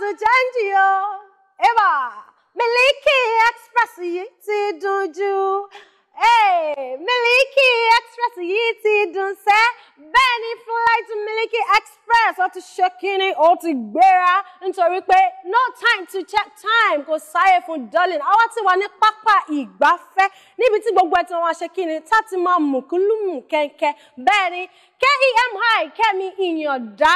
ti chẹ́ǹjì o ẹ̀bà Miliki Express yìí ti dùn jù Miliki Express yìí ti dùn sẹ́ bẹ́ẹ̀ ni flight Miliki Express ó ti ṣe kínní ó ti gbéra nítorí pé no time to check time kò sáyé fún darling àwa ti wà ní pápá ìgbafẹ́ níbi tí gbogbo ẹ̀tàn wọn ṣe kínní tá ti máa mùkúlùmù kẹ́ńkẹ́ bẹ́ẹ̀ ni KEMI Kẹ́mi Ìyàndá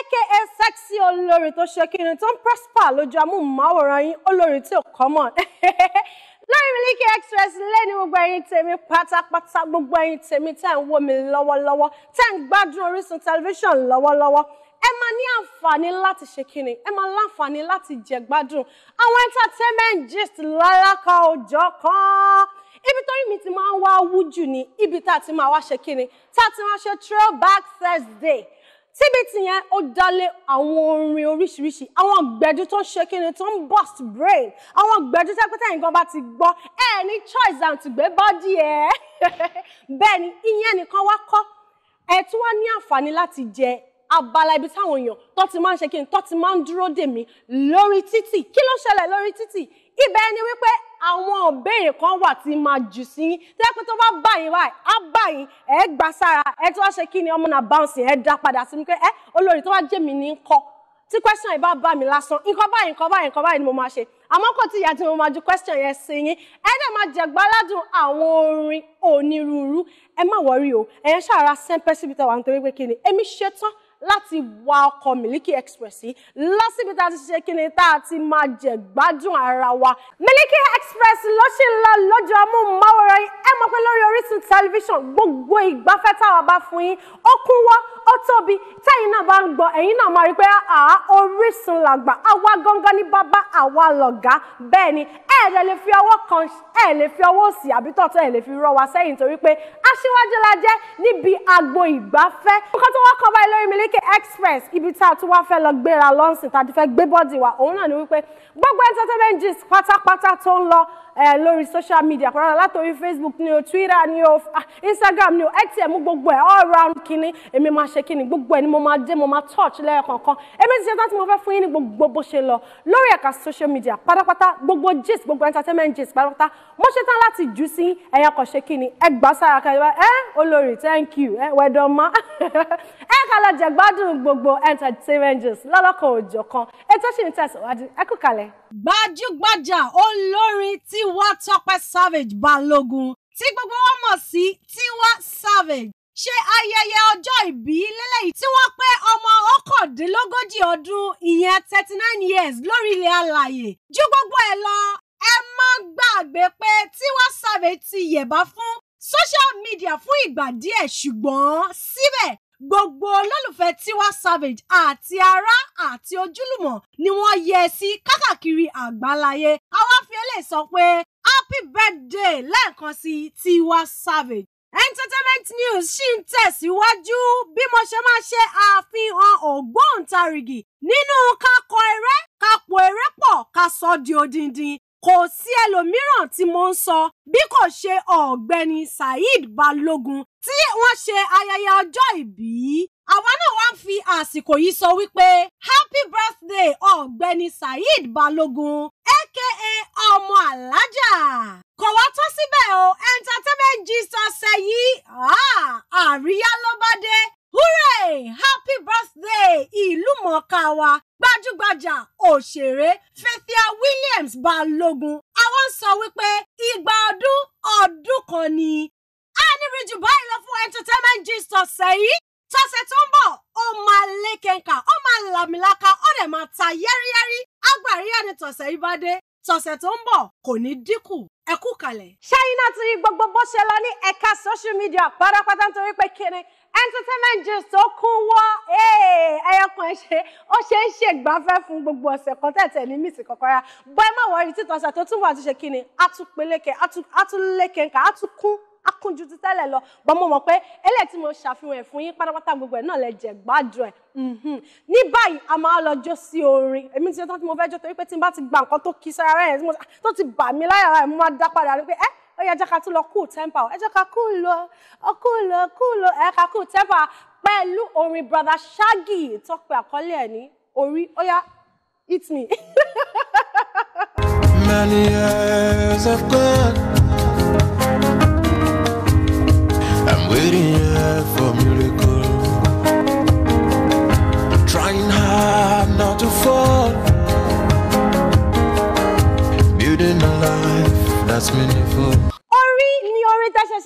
aka sexy olórin tó ṣe kíni tó ń prosper lójú amóhùnmáwòrán yín olórin tí ò common lórí Miliki Express lẹ́ni gbogbo ẹ̀yin tèmi pátápátá gbogbo ẹ̀yin tèmi tẹ́ ń wò mí lọ́wọ́lọ́wọ́ tẹ́ ń gbádùn Orísun tẹlifíṣàn lọ́wọ́lọ́wọ́ ẹ máa ní àǹfààní láti ṣe kíni ẹ máa láǹfààní láti jẹ gbádùn àwọn entertainment gist lálákà òjọ kan ibi torí mi ti máa ń wá wújù ní ibi tá a ti máa wá ṣe kíni tá a ti máa ṣe back Thursday Tíbítì yẹn ó dálé àwọn orin oríṣiríṣi àwọn gbẹ̀du tó ń ṣe kíni tó ń burst brain àwọn gbẹ̀du tẹ́pẹ́tẹ́ nǹkan bá ti gbọ́ ẹ ní choice and to gbé bọ́dí ẹ bẹ́ẹ̀ ni ìyẹn nìkan wá kọ́ ẹ tún wá ní àǹfààní láti jẹ abala ibi táwọn èèyàn tó ti máa ń ṣe kíni tó ti máa ń dúró dè mí lórí títì kí ló ṣẹlẹ̀ lórí títì kíbẹ̀ ni wípé àwọn ìbéèrè kan wà tí máa jù sí yín tí wọ́n tó bá bá yín á bá ẹ̀ gbà sára ẹ̀ tí wọ́n ṣe kí ni ọmọ náà bounce ẹ̀ dá padà sí mi ẹ̀ olórí tó wá jẹ́ mi ní kọ́ tí question yìí bá bá mi lásán nǹkan báyìí nǹkan báyìí nǹkan báyìí ni mo máa ṣe àmọ́ kò tí ìyá tí mo máa ju question yẹn sí yín ẹ dẹ̀ máa jẹ̀gbáládùn àwọn orin onírúurú ẹ má wọrí o ẹ̀yẹn ṣàrà sẹ́ńpẹ́ síbi tẹ̀wá nítorí pé kí ni èmi ṣetán láti wa ọkọ̀ Miliki Express yìí lọ́sibí tá a ti ṣe kíni tá a ti máa jẹ̀ gbádùn ara wa Miliki Express ló ṣì ń lọ lójú ọmú Orísun television, gbogbo ìgbafẹ́ táwa bá fún yín ó kún wọ́ ó tóbi tẹ́yìn náà bá ń gbọ́ ẹ̀yin náà máa rí pé àá Orísun làgbà àwa gangan ní bàbá àwa lọ̀gá bẹ́ẹ̀ ni ẹ̀ẹ́dẹ̀ lè fi ọwọ́ kan ẹ̀ẹ́ lè fi ọwọ́ òsì àbí tọ̀tọ̀ lè fi rọ́ wa sẹ́yìn torí pé aṣíwájú la jẹ́ níbi agbo ìgbafẹ́. nǹkan tó wá kọ́ báyìí lórí Miliki Express ibi tá a tún wá fẹ́ lọ gbéra lọ́sìn tá a ti fẹ́ gbé bọ́dì wa òun náà ni wípé gbogbo entertainment gist pátápátá tó ń lọ lórí social media kọ́ra látòrí Facebook ni o Twitter ni o ah, instagram ni o ẹ tiẹ̀ mú gbogbo ẹ̀ all round kínní èmi máa ṣe kínní gbogbo ẹ̀ ni mo máa dé mo máa touch lẹ́ẹ̀kọ̀ọ̀kan èmi ti ṣe tán tí mo fẹ́ fún yín ní gbogbo bó ṣe lọ lórí ẹ̀ka social media pátápátá gbogbo gist gbogbo entertainment gist pátápátá mo ṣe tán láti jù sí ẹ̀yà kan ṣe kínní ẹ gbà sára kan ẹ olórí thank you ẹ wẹ̀dọ̀ ma ẹ ká lọ jẹ gbádùn gbogbo entertainment gist lọ́lọ́kan òjọ̀kan ètò ṣì ń tẹ̀síwájú ẹ kú kalẹ̀. gbajúgbajà olórin tiwa Tọ́pẹ́ Savage Balógun tí gbogbo wọn mọ̀ sí Tiwa Savage ṣe ayẹyẹ ọjọ́ ìbí lélẹ́yìí tí wọ́n pé ọmọ ọkọ̀dínlógójì ọdún ìyẹn thirty nine years lórí ilẹ̀ alàyè ju gbogbo ẹ̀ lọ ẹ má gbàgbé pé Tiwa Savage ti yẹ̀bá fún social media fún ìgbà díẹ̀ ṣùgbọ́n síbẹ̀ gbogbo olólùfẹ́ Tiwa Savage àti ará àti ojúlùmọ̀ ni wọ́n yẹ sí kákàkiri àgbáláyé àwa fi eléyìí sọ pé happy birthday lẹ́ẹ̀kan sí Tiwa Savage entertainment news ṣì ń tẹ̀síwájú bí mo ṣe máa ṣe àfihàn ògbóǹtarìgì nínú kakọ eré kapò eré pọ̀ ka sọ di odindin kò sí ẹlòmíràn tí mo ń sọ bí kò ṣe ọ̀gbẹ́ni Saheed Balogun tí wọ́n ṣe ayẹyẹ ọjọ́ ìbí àwa náà wá ń fi àsìkò yìí sọ wípé happy birthday ọ̀gbẹ́ni Saheed Balogun ẹ aka ọmọ alájà kò wá tó síbẹ̀ o entertainment Jesus ọ̀sẹ̀ yìí ah, àríyá ló bá dé hooray happy birthday ìlú mọ̀ọ́ká wa gbajúgbajà òṣèré Fathia Williams Balógun àwọn sọ wípé ìgbà ọdún ọdún kan ni a ní rí báyìí lọ fún entertainment Jesus ọ̀sẹ̀ yìí tọ́sẹ̀ tó ń bọ̀ ó máa lékenkà ó máa làmìlaka dẹ̀ máa ta yẹ́rìyẹ́rì agbàríyá ni tọ̀sẹ̀ yìí bá dé tọ̀sẹ̀ tó ń bọ̀ kò ní dínkù ẹ kalẹ̀. ṣáínà ti rí gbogbo bó ṣe lọ ní ẹ̀ka social media pátápátá nítorí pé kíni entertainment gist tó kún wọ́ ẹyọkan ṣe ó ṣe ń ṣègbafẹ́ fún gbogbo ọ̀sẹ̀ kan tẹ̀tẹ̀ ní mísì kọ̀kọ́ra bọ́ ẹ má wọrí títọ́sẹ̀ tó túnbọ̀ àtúnṣe kíni á tún nǹkan á akúnjú ti tẹ́lẹ̀ lọ bọ́n mo mọ̀ pé eléyìí tí mo ṣàfihàn ẹ̀ fún yín pátápátá gbogbo ẹ̀ náà lẹ jẹ̀ gbádùn ẹ̀ mhm. ní báyìí a máa lọ jó sí orin èmi ti tán tí mo fẹ́ jó torí pé tí n bá ti gba nǹkan tó kí sára yẹn tó ti bà mí láyà rẹ̀ mo máa dá padà rí pé ẹ́ ó yẹ jẹ́ ká tún lọ cool temper ẹ jẹ́ ká cool lọ cool lọ cool lọ ẹ ká cool temper pẹ̀lú orin brother Shaggy tọ́pẹ́ àkọ́lé ẹ̀ ní orí ó yá hit me. many years have gone. waiting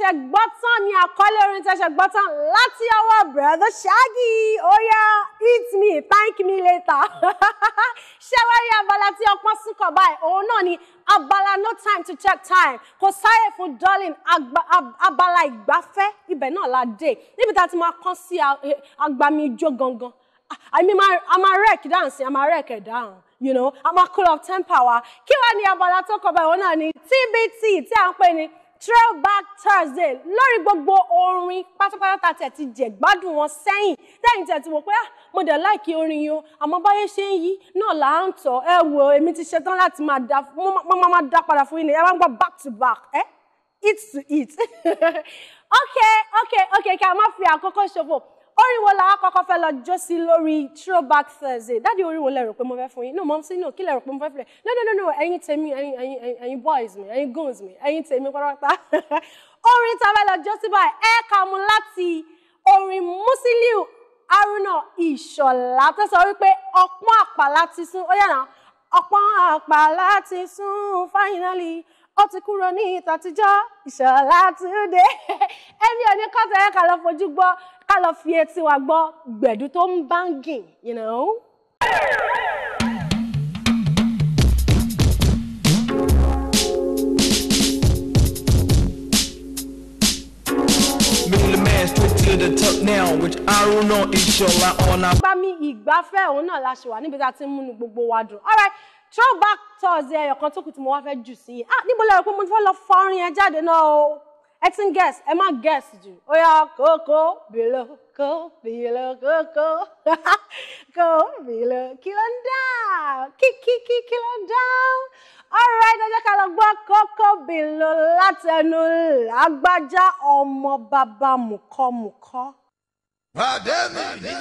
ṣẹ̀ṣẹ̀ gbọ́ tán ni àkọlé orin tẹ̀ṣẹ̀ gbọ́ tán láti ọwọ́ brother Shaggy oya eat me thank me later ṣẹ́wárí abala tí ọpọ́n súnkọ̀ báyìí òun náà ni abala no time to check time kò sáyè fún darling abala ìgbafẹ́ ibẹ̀ náà la dé níbi tá a ti máa kán sí eh, agbami ijó gangan àmì máa rẹ̀ kí dáhùn sí àmà you know I'm a cool of temper wa kí wàá abala tó kọ báyìí òun ni TBT tí à throwback thursday lórí gbogbo orin pátápátá tẹ̀ ti jẹ̀gbádùn wọn sẹ́yìn tẹ́yìn tẹ̀ ti wò pé ah, mo dẹ̀ láìkí orin yìí o àmọ́ báyé ṣe ń yí náà là ń tọ̀ ẹ wo èmi ti ṣetán láti máa da mo máa da padà fún yín ni ẹ máa ń gbọ́ back to back ẹ eh? eat to eat ok ok ok kí a má fi àkókò ṣòfò orin wo làwọn kọ́kọ́ fẹ́ lọ jó sí lórí throwback thursday dáàdi orin wo lẹ rò pé mo fẹ́ fún yín no mọ sí no kí lẹ rò pé mo fẹ́ fún yín no no no no ẹ̀yin tèmi ẹ̀yin ẹ̀yin ẹ̀yin boys mi ẹ̀yin girls mi ẹ̀yin tèmi pátápátá orin tá a fẹ́ lọ jó sí báyìí ẹ kà mú láti orin Musiliu Haruna Ìṣọ̀lá tó sọ wípé ọpọ́n àpàlà ti sún ó yàrá ọpọ́n àpàlà ti sún finally ó ti kúrò ní ìtàtijọ́ ìṣọ̀lá túnde ẹni òní kọ́tà ẹ̀ ká lọ fojú gbọ́ ká lọ fi etí wa gbọ́ gbẹ̀dú tó ń báńgìn you know. ìgbafẹ́ òun náà la ṣe wà níbi tá a ti ń múnu gbogbo wa dùn. all right throwback thursday ẹyọkan tó kù tí mo wá fẹ́ jù sí yìí ah níbo lẹ́yìn pé mo fẹ́ lọ fọrin ẹ jáde náà o ẹ ti ń guess ẹ má guess jù ó yá kókó bìlọ kó bìlọ kókó kó bìlọ kí ló ń dá kíkíkí kí ló ń dá alright ẹ jẹ́ ká lọ gbọ́ kókó bìlọ látẹnu lágbájá ọmọ bàbá mùkọ́mùkọ́. pàdé mi ní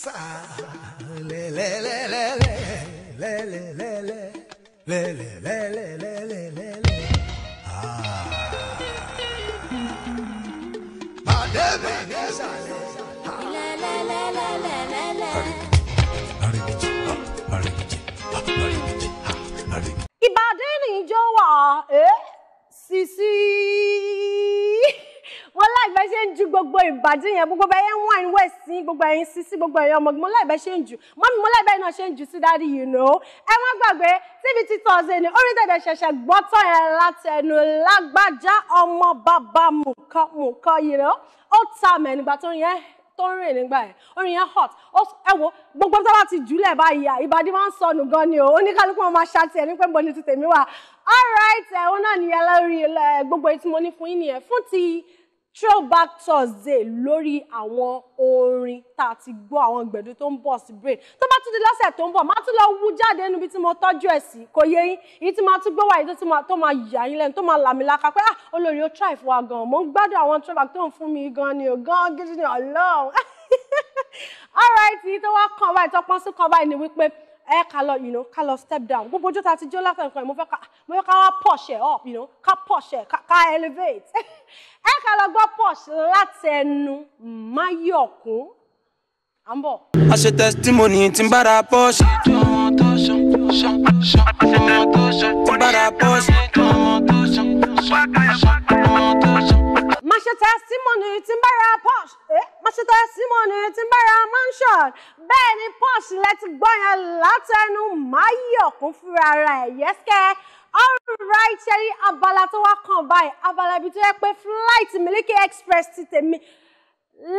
sàlẹ̀ lẹ́lẹ́lẹ́ lele lele wà sisi wọn láì fẹ́ ṣe ń ju gbogbo Ìbàdàn yẹn gbogbo bẹ́ẹ̀ yẹn wọ́n àìníwẹ̀ gbogbo ẹ̀yin sí sí gbogbo ẹ̀yin ọmọ mo láìbẹ́ ṣe ń jù mọ́mí mo láìbẹ́ náà ṣe ń jù sí dáàdi yìí nù. ẹ má gbàgbé TVT Thursday ni orí tẹ̀tẹ̀ ṣẹ̀ṣẹ̀ gbọ́tọ̀ yẹn látẹnu lágbájá ọmọ bàbá mùkọ́ mùkọ́ yìí nù. ó ta mẹ́ nígbà tó yẹn tó ń rìn nígbà yẹn orin yẹn hot ẹ wo gbogbo tó bá ti jùlẹ̀ báyìí ìbàdí máa ń sọnù gan ni o oníkálukú wọn máa ṣàtì ẹ ní pé bọ́ni ti tèmi wà all right ẹ̀hún náà nìyẹn lórí gbogbo ètò ní fún yín nìyẹn fún ti throwback thursday lórí àwọn orin tá a ti gbọ́ àwọn gbẹ̀du tó ń bọ̀ sí brain tó bá tún di lọ́sẹ̀ tó ń bọ̀ máa tún lọ wú jáde níbi tí mo tọ́jú ẹ̀ sí kò yé yín èyí tí máa tún gbé wáyé tó máa yà yín lẹ́nu tó máa làmì laka pé ah olórí ó try fún wa gan mo ń gbádùn àwọn throwback tó ń fún mi gan ni ò gan gidi ni ọlọ́run all right èyí tó wá kàn báyìí tó pọ́n sí kàn báyìí ni wípé ẹ ká lọ you know ká lọ step down gbogbo ojú ta ti jó látàkùn ẹ mo fẹ́ ká wá pọ̀ ṣẹ̀ up you know ká pọ̀ ṣẹ̀ ká elevate gbọ́ posh látẹnu máyọ̀kún à ń bọ̀. a ṣe testimony tí ń bára posh. tí ń bára posh. Má ṣe testimony tí ń bára posh. Eh? Má ṣe testimony tí ń bára mansion. Bẹ́ẹ̀ ni posh lẹ ti gbọ́ yẹn látẹnu máyọ̀kún fúnra rẹ̀ yẹ́sẹ̀ alright ṣẹ́rí abala tó wá kàn báyìí abala ibi tó yẹ pé flight Miliki Express ti tèmi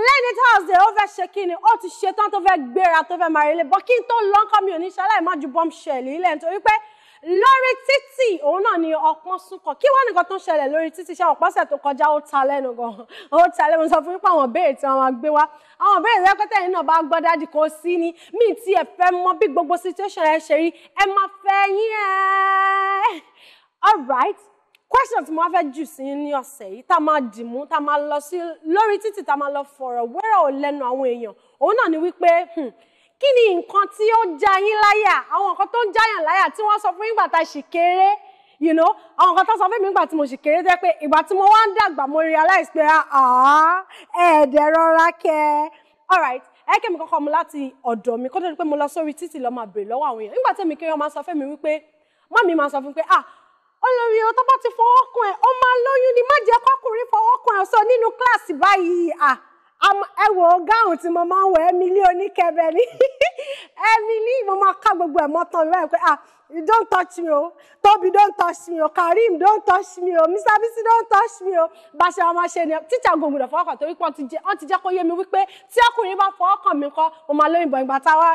lẹ́ni thursday ó fẹ́ ṣe kí ni ó ti ṣetán tó fẹ́ gbéra tó fẹ́ máa relé bọ́ kí n tó lọ́ńkọ́ mi ò ní ṣaláì má ju bọ́m̀ṣẹ̀lì ilẹ̀ nítorí pé lórí títì òun náà ni ọpọ́n súnkàn kí wọ́n nìkan tó ń ṣẹlẹ̀ lórí títì ṣe ọ̀pọ̀sẹ̀ tó kọjá ó ta lẹ́nu gan ó ta lẹ́nu sọ fún pé àwọn béèrè tí wọ́n máa gbé wá àwọn béèrè lẹ́kọ́tẹ́ yìí náà bá gbọ́ dájú kó sí ni mí tí ẹ fẹ́ mọ bí gbogbo situation ẹ ṣe rí ẹ máa fẹ́ yín ẹ́ all right question tí mo wá fẹ́ jù sí ní ọ̀sẹ̀ yìí tá a máa dìmú tá a máa lọ sí lórí títì tá a máa lọ fọ̀rọ̀ wérò lẹ́nu àwọn èèyàn òun náà ni wípé hmm, kí ni nǹkan tí ó já yín láyà àwọn nǹkan tó ń jáyàn láyà tí wọ́n sọ fún yín gbà tá a ṣì kéré you know àwọn nǹkan tó sọ fún mi nígbà tí mo ṣì kéré jẹ́ pé ìgbà tí mo wá ń dàgbà mo realize pé ẹ̀ẹ́dẹ̀ rọra kẹ́ all right ẹ̀ẹ́kẹ́ mi kọ́kọ́ mu láti ọ̀dọ̀ mi kó tó di pé mo lọ sórí títì lọ́ọ́ máa bèrè lọ́wọ́ àwọn èèyàn nígbà tí èmi kéré wọn sọ fún mi wípé má mi máa sọ fún pé ah olórí o tó bá ti fọwọ́ kún ẹ̀ ó máa lóyún ni má jẹ́ kọ́kùnrin fọwọ́ kún ẹ̀ sọ nínú kíláàsì báyìí ah ẹ wò ó gáàrùn tí mo máa ń wọ Emily oníkẹbẹ ni Emily mo máa ká gbogbo ẹ̀ mọ́ tán pé ah you don't touch me o Tobi don't touch me o Karim don't touch me o Mr Bisi don't touch me o bàṣẹ ọmọ ṣe ni tíṣà gbòǹgbò rẹ fọwọ́kàn torí pé wọ́n ti jẹ́ kó yé mi wípé tí ọkùnrin bá fọwọ́kàn mi kọ́ mo máa lóyìnbó ìgbà táwa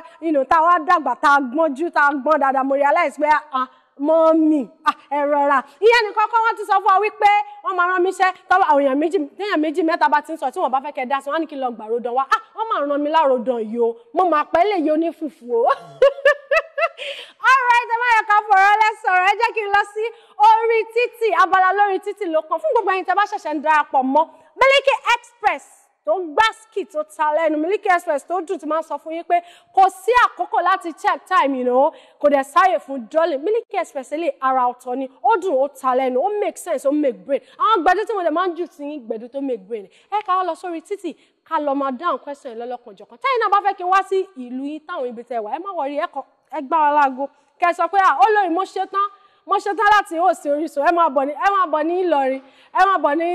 táwa dàgbà tá a gbọ́njú tá a gbọ́n dáadáa mo realize pé ah, ah mọ́mì ah, ẹ rọra ìyẹn ní kọ́kọ́ wọ́n ti sọ fún wa wípé wọ́n máa rán mi iṣẹ́ tọ́wọ́ àwọn èèyàn méjì téèyàn méjì mẹ́ta bá ti ń sọ tí wọ́n bá fẹ́ kẹ́ dá sí wọ́n á ní kí n lọ gbàròdàn wá ah, wọ́n máa rán mi láròdàn yìí o mo máa pẹ́ lè yọ ní fùfú o. alright ẹ má yẹ fọ̀rọ̀ lẹ́sọ̀rọ̀ ẹ jẹ́ kí n lọ sí orí títì abala lórí títì ló fún gbogbo ẹ̀yin tẹ́ Express tó gbásìkì tó ta lẹ́nu Miliki Express tó dùn tí máa ń sọ fún yín pé kò sí àkókò láti check time you know kò dẹ̀ sáyè fún jolly Miliki Express lè ara ọ̀tọ̀ ni ó dùn ó ta lẹ́nu ó make sense ó make brain àwọn gbẹ̀du tí mo dẹ̀ máa ń jù sí yín gbẹ̀du tó make brain ẹ ká lọ sórí títì ká lọ máa dáhùn question lọ́lọ́kan jọ̀kan tẹ́yìn náà bá fẹ́ kí n wá sí ìlú yín táwọn ibi tẹ́ wà ẹ má wọrí ẹ gbá wa láago kẹ sọ pé ah olórí mo ṣetán mo ṣetán láti hòsì Orísun ẹ máa bọ̀ ní ẹ máa bọ̀ ní Ìlọrin ẹ máa bọ̀ ní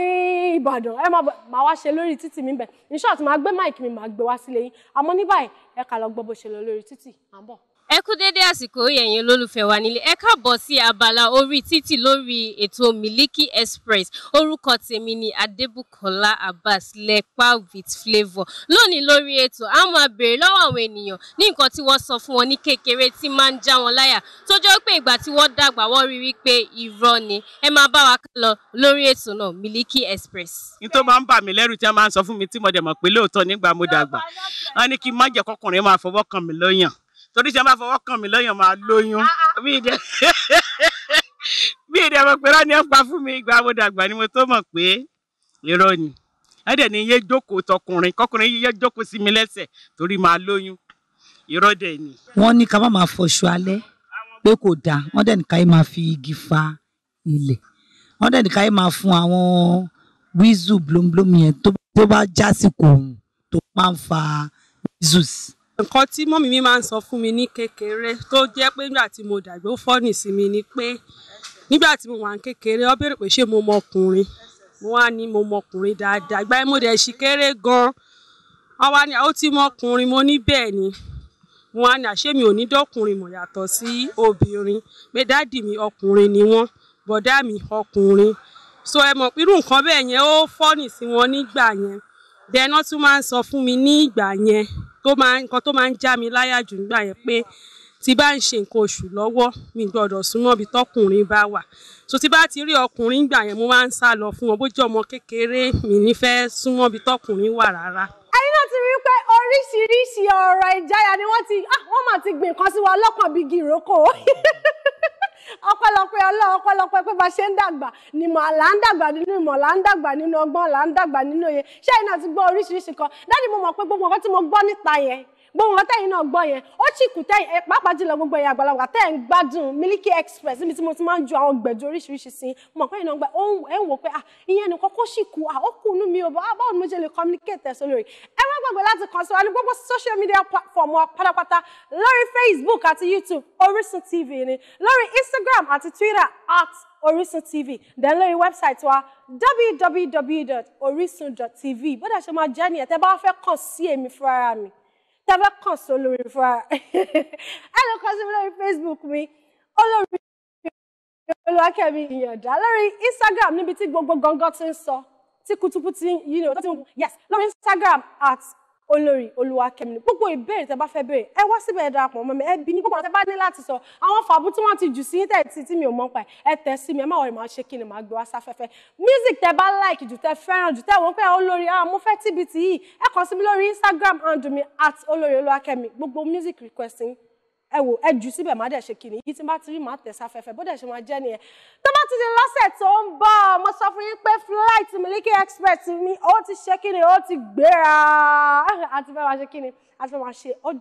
Ìbàdàn ẹ máa bọ̀ máa wá ṣe lórí títì mi bẹ̀ in short máa gbé máìkì mi máa gbé wá sílé yín àmọ́ ní báyìí ẹ kà lọ gbọ́ bó ṣe lọ lórí títì à ẹ kú dédé àsìkò ẹ̀yin olólùfẹ́ wa nílé ẹ káàbọ̀ sí abala orí títì lórí ètò Miliki Express orúkọ tèmi ni Adébùkọ́lá Abbas lẹ́pà with flavour lónìí lórí ètò a máa béèrè lọ́wọ́ àwọn ènìyàn ní nǹkan tí wọ́n sọ fún wọn ní kékeré tí máa ń já wọn láyà tó jẹ́ pé ìgbà tí wọ́n dàgbà wọ́n rí i pé ni ẹ máa bá wa lọ lórí ètò náà Miliki Express. ní tó máa ń bà mí lẹ́rù tí wọ́n máa ń sọ fún mi tí mo dẹ̀ torí ṣe máa fọwọ́ kàn mí lọ́yàn máa lóyún ah, ah. bí ìdẹ bí ìdẹ mo pé ẹ pa fún mi ìgbà mo dàgbà ni mo tó mọ̀ pé irọ́ ni ẹ dẹ̀ ní yé jókòó tọkùnrin kọkùnrin yé jókòó sí mi lẹ́sẹ̀ torí máa lóyún irọ́ dẹ̀ ni. wọ́n ní ká má máa fọṣọ alẹ́ pé kò dáa wọ́n dẹ̀ ní ká yín máa fi igi fa ilẹ̀ wọ́n dẹ̀ ní ká yín máa fún àwọn wíìzù blómblóm yẹn tó bá jásìkò òun tó máa ń fa wíìzùs nǹkan tí mọ́mí mi máa ń sọ fún mi ní kékeré tó jẹ́ pé nígbà tí mo dàgbà ó fọ́ọ̀nì sí mi ni pé nígbà tí mo wà ní kékeré ó béèrè pé ṣé mo mọ ọkùnrin mo wá ní mo mọ ọkùnrin dáadáa ìgbà yẹn mo dẹ̀ ṣì kéré gan-an wọ́n wá ní ó ti mọ ọkùnrin mo ní bẹ́ẹ̀ ni mo wá ní àṣé mi ò ní dọ́kùnrin mọ̀ yàtọ̀ sí obìnrin pé dáàdì mi ọkùnrin ni wọ́n bọ̀dá mi ọkùnrin so ẹ mọ̀ irú nǹkan bẹ́ẹ̀ yẹn ó fọ́ọ̀nì sí wọn nígbà yẹn dẹ́nà tún máa ń sọ fún mi ní ìgbà yẹn tó máa nǹkan tó máa ń já mi láyà jù nígbà yẹn pé tí bá ń ṣe nǹkan oṣù lọ́wọ́ mi gbọ́dọ̀ súnmọ́ ibi tọkùnrin bá wà so tí bá ti rí ọkùnrin gbà yẹn mo máa ń sá lọ fún wọn bójú ọmọ kékeré mi nífẹ̀ẹ́ súnmọ́ ibi tọkùnrin wà rárá. ẹni náà ti rí pé oríṣiríṣi ọ̀rọ̀ ìjáyà ni wọ́n ti ah, wọ́n máa ti gbìn kan sí wa lọ́kàn bíi gìrókò ọpẹ́lọpẹ́ Ọlọ́run ọpẹ́lọpẹ́ pé bá ṣe ń dàgbà nímọ̀ là ń dàgbà nínú ìmọ̀ là ń dàgbà nínú ọgbọ́n là ń dàgbà nínú òye ṣé iná ti gbọ́ oríṣiríṣi kan dáàdi mo mọ̀ pé gbogbo nǹkan tí mo gbọ́ níta yẹn gbogbo nǹkan tẹ́yìn náà gbọ́ yẹn ó sì kù tẹ́yìn ẹ pàápàá jùlọ gbogbo ẹ̀yà àgbàlagbà tẹ́ gbádùn Miliki Express níbi tí mo ti máa ń ju àwọn gbẹ̀jọ oríṣiríṣi sí mọ̀ pé ìnáwó gbà ẹ̀ ń wò pé ah, ìyẹn nìkan kó sì kù ah, ó kù nú mi ò bá ah, báwo ni mo ṣe lè communicate ẹ̀sọ́ lórí ẹ má gbàgbé láti kàn sí wa ní gbogbo social media platform wa pátápátá lórí Facebook àti YouTube Orísun TV ni lórí Instagram àti Twitter at Orisun TV then lórí website wa www.orisun.tv bó dà ṣe máa jẹ́ nìyẹn tẹ́ bá fẹ́ kàn sí èmi fúnra mi tẹ́fẹ́ kàn sí olórí fúnra ẹ lè kàn sí mi lórí Facebook mi olórí olùwàkẹ́mi ìyànjá lórí Instagram níbi tí gbogbo gangan ti ń sọ tí kutukutu yìí ni ó ti ń yes lórí Instagram at olórí olúwakẹ́mi ni gbogbo ìbéèrè tẹ bá fẹ́ béèrè ẹ wá síbẹ̀ ẹ darapọ̀ mọ́ mi ẹ bí ní gbogbo ọ̀tẹ́ bá ní láti sọ àwọn fàbú tí wọ́n ti jù sí tẹ̀ tí tí mi ò mọ̀ pa ẹ tẹ̀ sí mi ẹ má wọlé máa ṣe kí ni màá gbé wá sáfẹ́fẹ́ music tẹ bá like jù tẹ fẹ́ràn jù tẹ wọ́n pé ah, olórí ah mo fẹ́ tìbìtì yìí e. ẹ kàn sí mi lórí Instagram handle mi at olórí olúwakẹ́mi gbogbo music request yín ẹ wò ẹ jù síbẹ̀ má dẹ̀ ṣe kìnnì yìí tí bá ti rí má tẹ̀ sáfẹ́fẹ́ bó dẹ̀ ṣe máa jẹ́ nìyẹn tó bá ti di lọ́sẹ̀ tó ń bọ̀ mo sọ fún yín pé flight Miliki Express mi ó ti ṣe kìnnì ó ti gbéra àti fẹ́ máa ṣe kìnnì àti fẹ́ máa ṣe ó